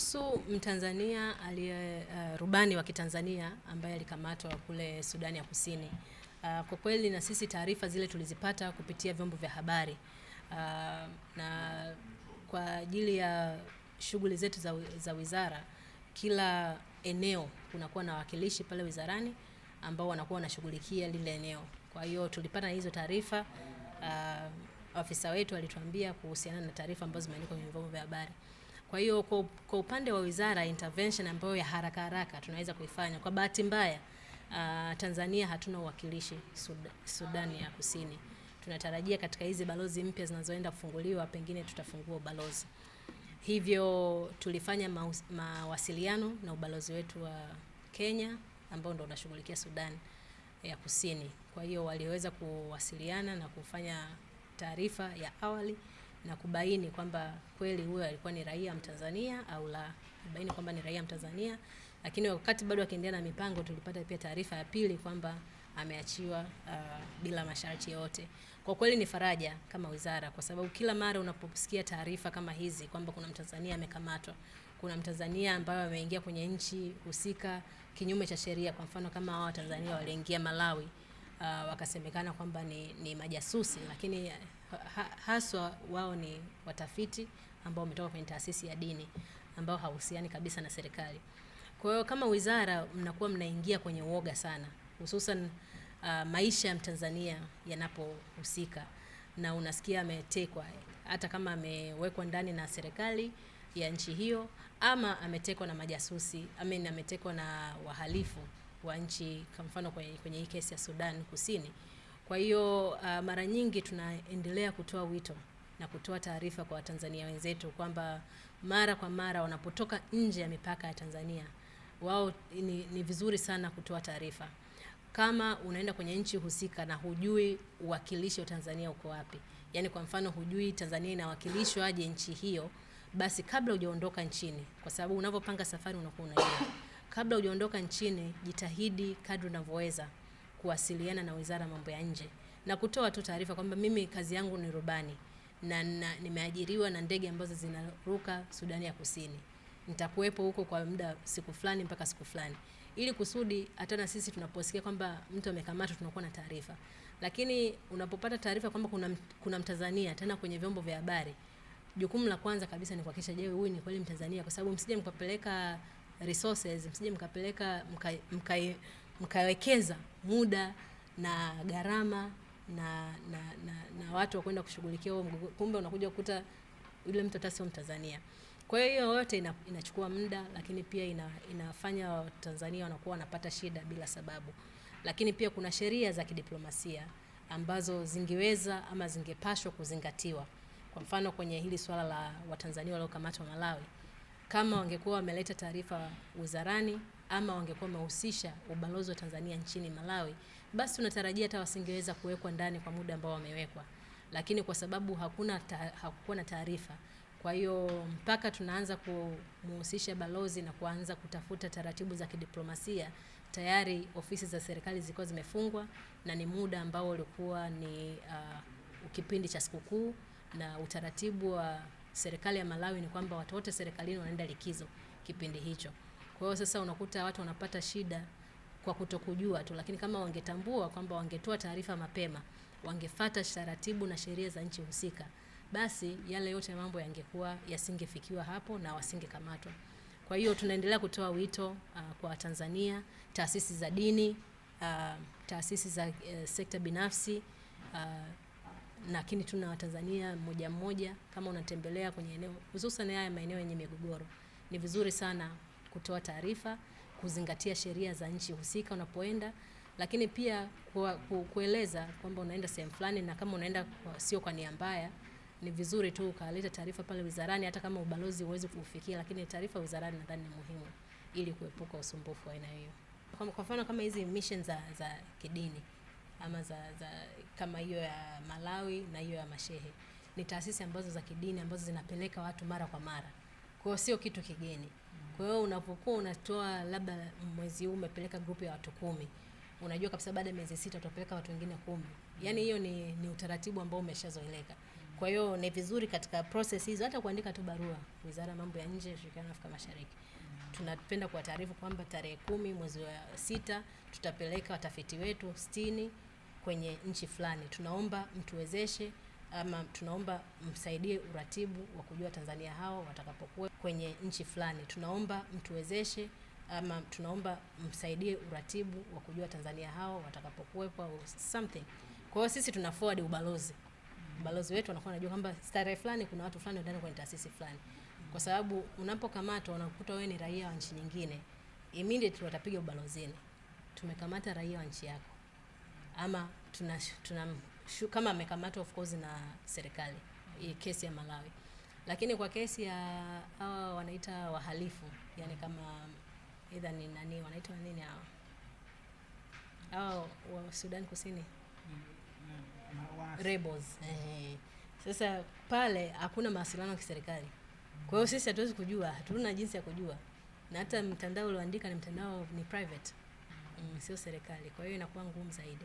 kuhusu Mtanzania aliye uh, rubani wa Kitanzania ambaye alikamatwa kule Sudani ya Kusini. Uh, kwa kweli na sisi taarifa zile tulizipata kupitia vyombo vya habari uh, na kwa ajili ya shughuli zetu za, za wizara, kila eneo kunakuwa na wawakilishi pale wizarani ambao wanakuwa wanashughulikia lile eneo. Kwa hiyo tulipata hizo taarifa uh, afisa wetu alituambia kuhusiana na taarifa ambazo zimeandikwa kwenye vyombo vya habari. Kwa hiyo kwa upande wa wizara, intervention ambayo ya haraka haraka tunaweza kuifanya, kwa bahati mbaya uh, Tanzania hatuna uwakilishi sudan ya Kusini. Tunatarajia katika hizi balozi mpya zinazoenda kufunguliwa pengine tutafungua ubalozi. Hivyo tulifanya mawasiliano na ubalozi wetu wa Kenya ambao ndo unashughulikia Sudan ya Kusini. Kwa hiyo waliweza kuwasiliana na kufanya taarifa ya awali na kubaini kwamba kweli huyo alikuwa ni raia Mtanzania au la, kubaini kwamba ni raia Mtanzania. Lakini wakati bado akiendelea na mipango, tulipata pia taarifa ya pili kwamba ameachiwa uh, bila masharti yote. Kwa kweli ni faraja kama wizara, kwa sababu kila mara unaposikia taarifa kama hizi kwamba kuna Mtanzania amekamatwa, kuna Mtanzania ambaye ameingia kwenye nchi husika kinyume cha sheria, kwa mfano kama hao Watanzania waliingia Malawi uh, wakasemekana kwamba ni, ni majasusi lakini ha, haswa wao ni watafiti ambao wametoka kwenye taasisi ya dini ambao hahusiani kabisa na serikali. Kwa hiyo kama wizara mnakuwa mnaingia kwenye uoga sana, hususan uh, maisha ya Mtanzania yanapohusika na unasikia ametekwa, hata kama amewekwa ndani na serikali ya nchi hiyo ama ametekwa na majasusi ama ametekwa na wahalifu wa nchi, kwa mfano kwenye, kwenye hii kesi ya Sudan Kusini. Kwa hiyo uh, mara nyingi tunaendelea kutoa wito na kutoa taarifa kwa Watanzania wenzetu kwamba mara kwa mara wanapotoka nje ya mipaka ya Tanzania wao ni, ni vizuri sana kutoa taarifa. Kama unaenda kwenye nchi husika na hujui uwakilishi wa Tanzania uko wapi, yaani kwa mfano hujui Tanzania inawakilishwa aje nchi hiyo, basi kabla hujaondoka nchini, kwa sababu unavyopanga safari unakuwa unajua, kabla hujaondoka nchini, jitahidi kadri unavyoweza kuwasiliana na Wizara Mambo ya Nje na kutoa tu taarifa kwamba mimi kazi yangu ni rubani na, na nimeajiriwa na ndege ambazo zinaruka Sudani ya Kusini, nitakuwepo huko kwa muda siku fulani mpaka siku fulani, ili kusudi hata na sisi tunaposikia kwamba mtu amekamatwa tunakuwa na taarifa. Lakini unapopata taarifa kwamba kuna, kuna Mtanzania tena kwenye vyombo vya habari, jukumu la kwanza kabisa ni kuhakikisha, je, huyu ni kweli Mtanzania? Kwa sababu msije mkapeleka resources, msije mkapeleka mkai mka, mkawekeza muda na gharama na na, na, na watu wa kwenda kushughulikia huo mgogoro, kumbe unakuja kukuta yule mtu hata sio Mtanzania. Kwa hiyo hiyo yote ina, inachukua muda, lakini pia ina, inafanya Watanzania wanakuwa wanapata shida bila sababu. Lakini pia kuna sheria za kidiplomasia ambazo zingeweza ama zingepashwa kuzingatiwa. Kwa mfano kwenye hili swala la Watanzania waliokamatwa Malawi, kama wangekuwa wameleta taarifa wizarani ama wangekuwa wamehusisha ubalozi wa Tanzania nchini Malawi, basi tunatarajia hata wasingeweza kuwekwa ndani kwa muda ambao wamewekwa, lakini kwa sababu hakuna ta, hakukuwa na taarifa kwa hiyo mpaka tunaanza kumhusisha balozi na kuanza kutafuta taratibu za kidiplomasia, tayari ofisi za serikali zilikuwa zimefungwa na ni muda ambao ulikuwa ni uh, kipindi cha sikukuu, na utaratibu wa serikali ya Malawi ni kwamba watu wote serikalini wanaenda likizo kipindi hicho. Kwa hiyo sasa unakuta watu wanapata shida kwa kutokujua tu, lakini kama wangetambua kwamba wangetoa taarifa mapema, wangefata taratibu na sheria za nchi husika, basi yale yote mambo yangekuwa yasingefikiwa hapo na wasingekamatwa. Kwa hiyo tunaendelea kutoa wito uh, kwa Tanzania, taasisi za dini uh, taasisi za uh, sekta binafsi uh, lakini tuna Watanzania mmoja mmoja, kama unatembelea kwenye eneo hususan haya maeneo yenye migogoro, ni vizuri sana kutoa taarifa, kuzingatia sheria za nchi husika unapoenda, lakini pia kwa, ku, kueleza kwamba unaenda sehemu fulani, na kama unaenda kwa, sio kwa nia mbaya, ni vizuri tu ukaleta taarifa pale wizarani, hata kama ubalozi uweze kufikia, lakini taarifa wizarani nadhani ni muhimu ili kuepuka usumbufu wa aina hiyo. Kwa mfano kama hizi mission za, za kidini ama za, za kama hiyo ya Malawi na hiyo ya mashehe ni taasisi ambazo za kidini ambazo zinapeleka watu mara kwa mara, kwa hiyo sio kitu kigeni. Kwa hiyo unapokuwa unatoa labda mwezi huu umepeleka grupu ya watu kumi, unajua kabisa baada ya miezi sita utapeleka watu wengine kumi. Yaani hiyo ni, ni utaratibu ambao umeshazoeleka. Kwa hiyo ni vizuri katika process hizo, hata kuandika tu barua Wizara ya Mambo ya Nje ya la Afrika Mashariki, tunapenda kuwataarifu kwamba tarehe kumi mwezi wa sita tutapeleka watafiti wetu sitini kwenye nchi fulani, tunaomba mtuwezeshe ama tunaomba msaidie uratibu wa kujua Tanzania hao watakapokuwa kwenye nchi fulani, tunaomba mtuwezeshe ama tunaomba msaidie uratibu wa kujua Tanzania hao watakapokuwepo au something. Kwa hiyo sisi tuna forward ubalozi, ubalozi wetu anakuwa anajua kwamba starehe fulani kuna watu fulani ndani kwenye taasisi fulani, kwa sababu unapokamatwa unakuta wewe ni raia wa nchi nyingine, immediately watapiga ubalozini, tumekamata raia wa nchi yako, ama tuna, tuna kama amekamatwa of course na serikali kesi ya Malawi, lakini kwa kesi ya hawa wanaita wahalifu, yani kama either ni nani wanaitwa nini hao hao wa Sudan Kusini rebels eh. Sasa pale hakuna mawasiliano ya kiserikali, kwa hiyo sisi hatuwezi kujua, hatuna jinsi ya kujua, na hata mtandao ulioandika ni mtandao ni private mm, sio serikali, kwa hiyo inakuwa ngumu zaidi.